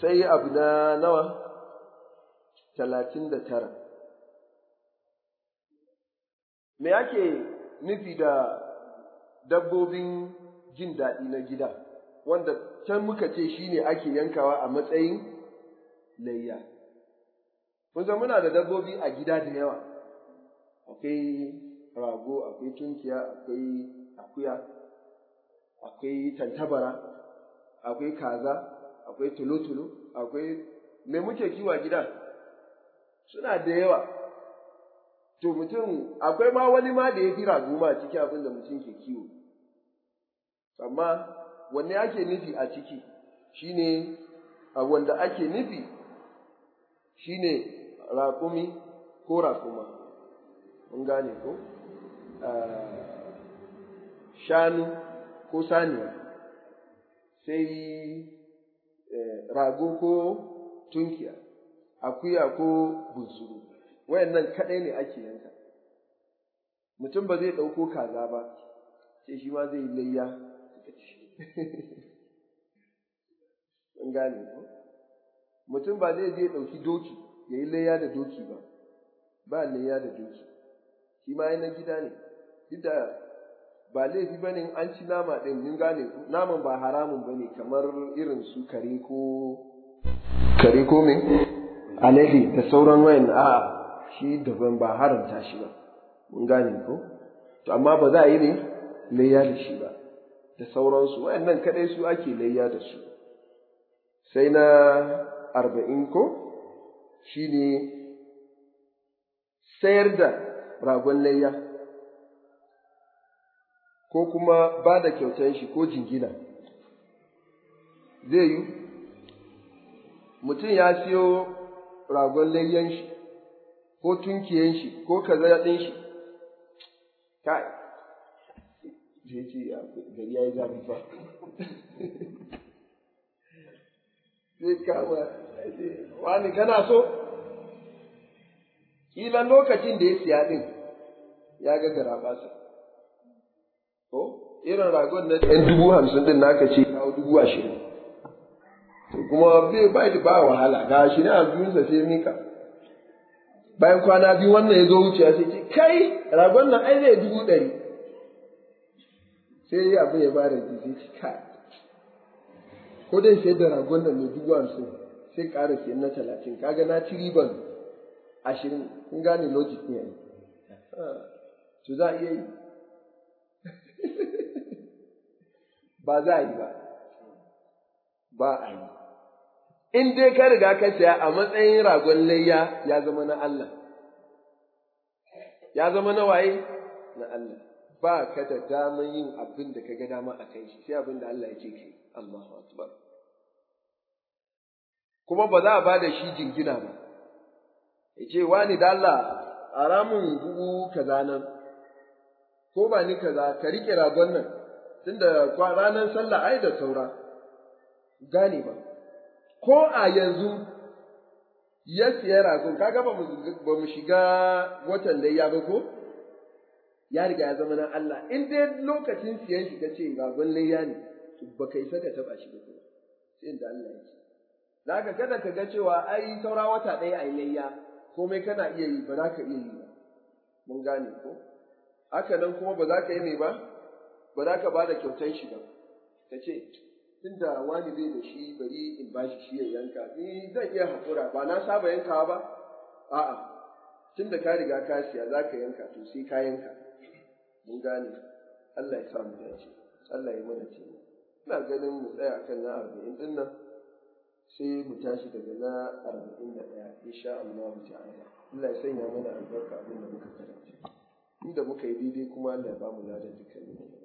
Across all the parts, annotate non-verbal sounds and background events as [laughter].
sai abu na nawa talatin da tara me ake nufi da dabbobin jin daɗi na gida wanda can muka ce shi ne ake yankawa a matsayin layya kun san muna da dabbobi a gida da yawa akwai rago akwai tunkiya akwai akuya akwai tantabara akwai kaza akwai tulutulu, akwai me muke kiwa gida, suna da yawa. To mutum, akwai ma wani ma da ya fi ragu ma ciki abin da mutum ke kiwo. Amma wanne ake nufi a ciki shi ne, wanda ake nufi shi ne raƙumi ko raƙuma. Mun gane ko? Eh, shanu ko saniya. Sai Eh, rago ko tunkiya akuya ko bunsuru wayannan kadai ne ake yanka mutum ba zai ɗauko kaza ba sai shi ma zai yi layya in [laughs] gane ko mutum ba zai je ɗauki doki ya yi layya da doki ba ba layya da doki shi ma na gida ne duk da ba laifi bane an ci nama din mun gane naman ba haramun bane kamar irin su kare ko kare ko me alade da sauran wayan a shi daban ba haramta shi ba mun gane ko to amma ba za a yi ne layya da shi ba da sauransu wayannan kadai su ake layya da su sai na arba'in ko ne sayar da ragon layya ko kuma ba da kyautan shi ko jingina zai yi mutum ya siyo ragon layyan shi ko tunkiyan shi ko kaza ɗin shi kai da yake gari ya yi zafi fa [laughs] zai kama wani kana so kila lokacin da ya siya ɗin ya ga su irin ragon na ɗan dubu hamsin ɗin naka ce kawo dubu ashirin to kuma bai bai da ba wahala ga shi ne a sa sai mika bayan kwana biyu wannan ya zo wuciya sai ce kai ragon nan ai zai dubu ɗari sai ya abin ya da ji sai ko dai sai da ragon nan mai dubu hamsin sai ƙara siyan na talatin kaga na ci riban ashirin kun gane logic ne ah, to za a iya yi ba za a yi ba, ba a yi. In dai ka riga ka saya a matsayin ragon layya ya zama na Allah, ya zama na waye? Na Allah, ba ka da daman yin abin da ka ga dama a kai shi, sai abin da Allah ya ce ke, Allahu Akbar. Kuma ba za a ba da shi jingina ba, ya ce, wani da Allah a ramin kaza nan, ko ba ni kaza, ka riƙe ragon nan, tunda ranar sallah ai da saura gane ba ko a yanzu ya siya ragon kaga ba mu shiga watan da ya ba ko ya riga ya zama nan Allah in dai lokacin siyan shi kace ragon layya ne to ba kai saka taba shi ba sai da Allah ya ce zaka kada ka ga cewa ai saura wata ɗaya ai layya komai kana iya yi ba za ka iya yi ba. mun gane ko haka nan kuma ba za ka yi mai ba ba za ka ba da shi ba ka ce da wani zai da shi bari in ba shi ya yanka ni zan iya haƙura ba na saba yankawa ba a'a tunda ka riga ka siya za ka yanka to sai ka yanka mun gane Allah ya sa mu dace Allah ya mana ce ina ganin mu tsaya akan na arba'in din nan sai mu tashi daga na arba'in da ɗaya insha Allah mu ta'ala Allah ya sanya mana albarka abin da muka karanta inda muka yi daidai kuma Allah ya ba mu ladan dukkanin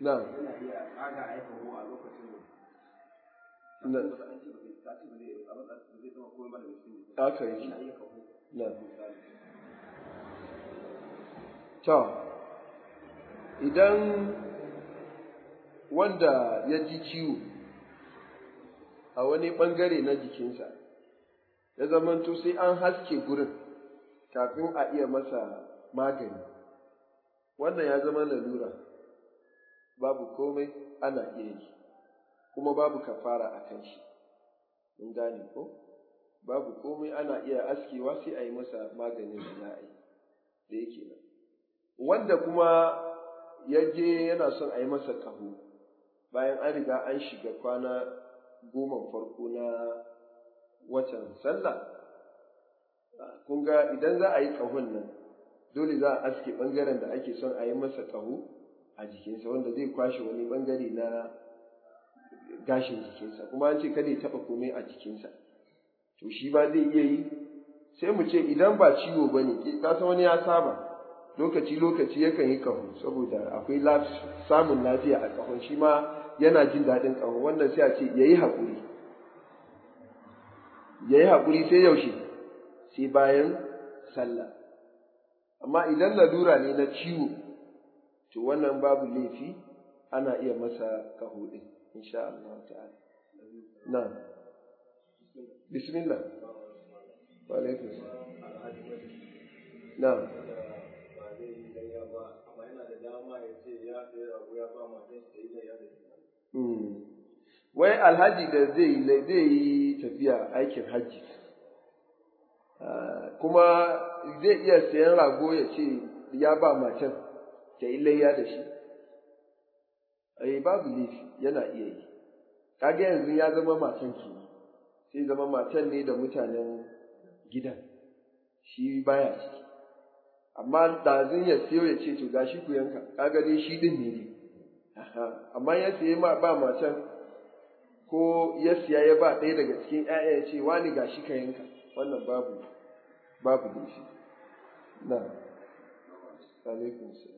na na idan wanda ya ji ciwo a wani ɓangare na jikinsa ya zamanto sai an haske gurin kafin a iya masa magani wannan ya zama lalura babu komai ana iya yi kuma babu kafara a kan shi mun gane ko babu komai ana iya askewa sai a yi masa maganin da za a yi da yake nan wanda kuma ya je yana son a yi masa kaho bayan an riga an shiga kwana goma farko na watan sallah kun ga idan za a yi kahon nan dole za a aske ɓangaren da ake son a yi masa kaho a jikinsa wanda zai kwashe wani bangare na gashin jikinsa kuma an ce kada ya taɓa komai a jikinsa to shi ba zai iya yi sai mu ce idan ba ciwo ba ne kasa wani ya saba lokaci lokaci yakan yi kaho saboda akwai samun lafiya a kahon shi ma yana jin daɗin kahon wannan sai a ce ya yi haƙuri ya yi haƙuri sai yaushe sai bayan sallah amma idan lalura ne na ciwo to wannan babu laifi ana iya masa kaho din insha Allah ta'ala na bismillah wa alaikum na hmm. wai alhaji da zai yi tafiya aikin hajji ah, kuma zai iya sayan rago ya ce ya ba macen ta yi layya da shi eh babu laifi yana iya yi kaga yanzu ya zama matan ke sai zama matan ne da mutanen gidan shi baya ciki amma dazin ya siyo ya ce to gashi ku yanka kaga dai shi din ne ne amma ya siye ma ba matan ko ya siya ya ba ɗaya daga cikin ‘ya'ya ya ce wani gashi ka yanka wannan babu babu shi na alaikum salam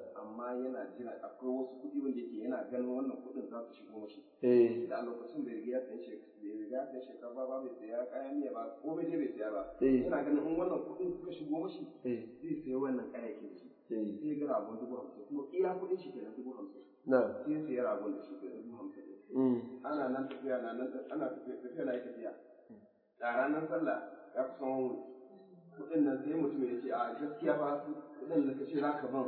amma yana jira akwai wasu kuɗi wanda yake yana ganin wannan kuɗin za su shigo mashi. Eh. Da a lokacin bai riga sai shi bai ba bai saya kayan miya ba ko bai je bai saya ba. Eh. Yana ganin in wannan kuɗin suka shigo mashi. Eh. Zai sayi wannan kayayyakin da shi. Sai Sai ga rabon dubu hamsin kuma iya kuɗin shi kenan dubu hamsin. Na. Sai sayi rabon da shi kenan dubu hamsin. Mm. Ana nan tafiya na nan ana tafiya na tafiya. Da ranar sallah ya kusan wani kuɗin nan sai mutum ya ce a gaskiya ba kuɗin da ka ce za ka ban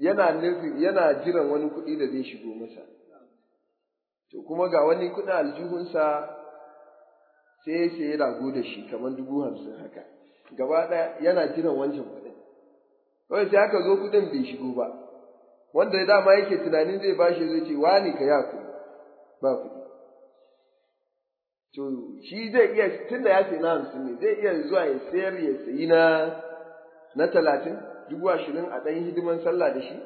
yana nufi yana jiran wani kuɗi da zai shigo masa to kuma ga wani kuɗin aljihunsa sai ya sayi rago da shi kamar dubu hamsin haka gaba ɗaya yana jiran wancan kuɗin kawai sai aka zo kuɗin bai shigo ba wanda ya dama yake tunanin zai bashi zai ce wani ka ya kuɗi ba kuɗi to shi zai iya da ya sayi na hamsin ne zai iya zuwa ya sayar ya sayi na talatin dubu ashirin a ɗan hidiman sallah da shi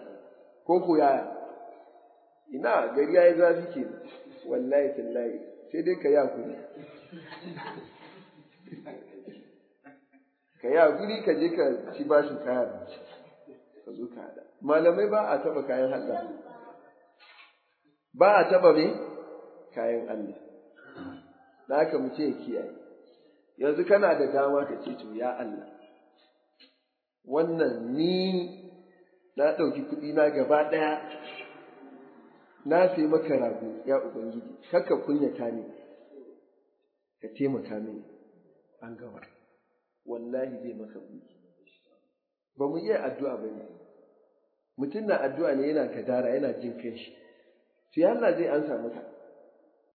ko ko yaya ina gari yayi zafi ke wallahi tallahi sai dai ka yi ka yi hakuri ka je ka ci bashin kayan ka zo ka hada malamai ba a taba kayan Allah ba a taba mai kayan Allah da haka mu ce kiyaye yanzu kana da dama ka ce to ya Allah wannan ni na ɗauki kuɗi na gaba ɗaya na sai maka rago ya ubangiji kaka kunyata ni ka taimaka mini an gama wallahi zai maka buki ba mu iya addu'a ba ne mutum na addu'a ne yana kadara yana jin kanshi sai Allah zai ansa masa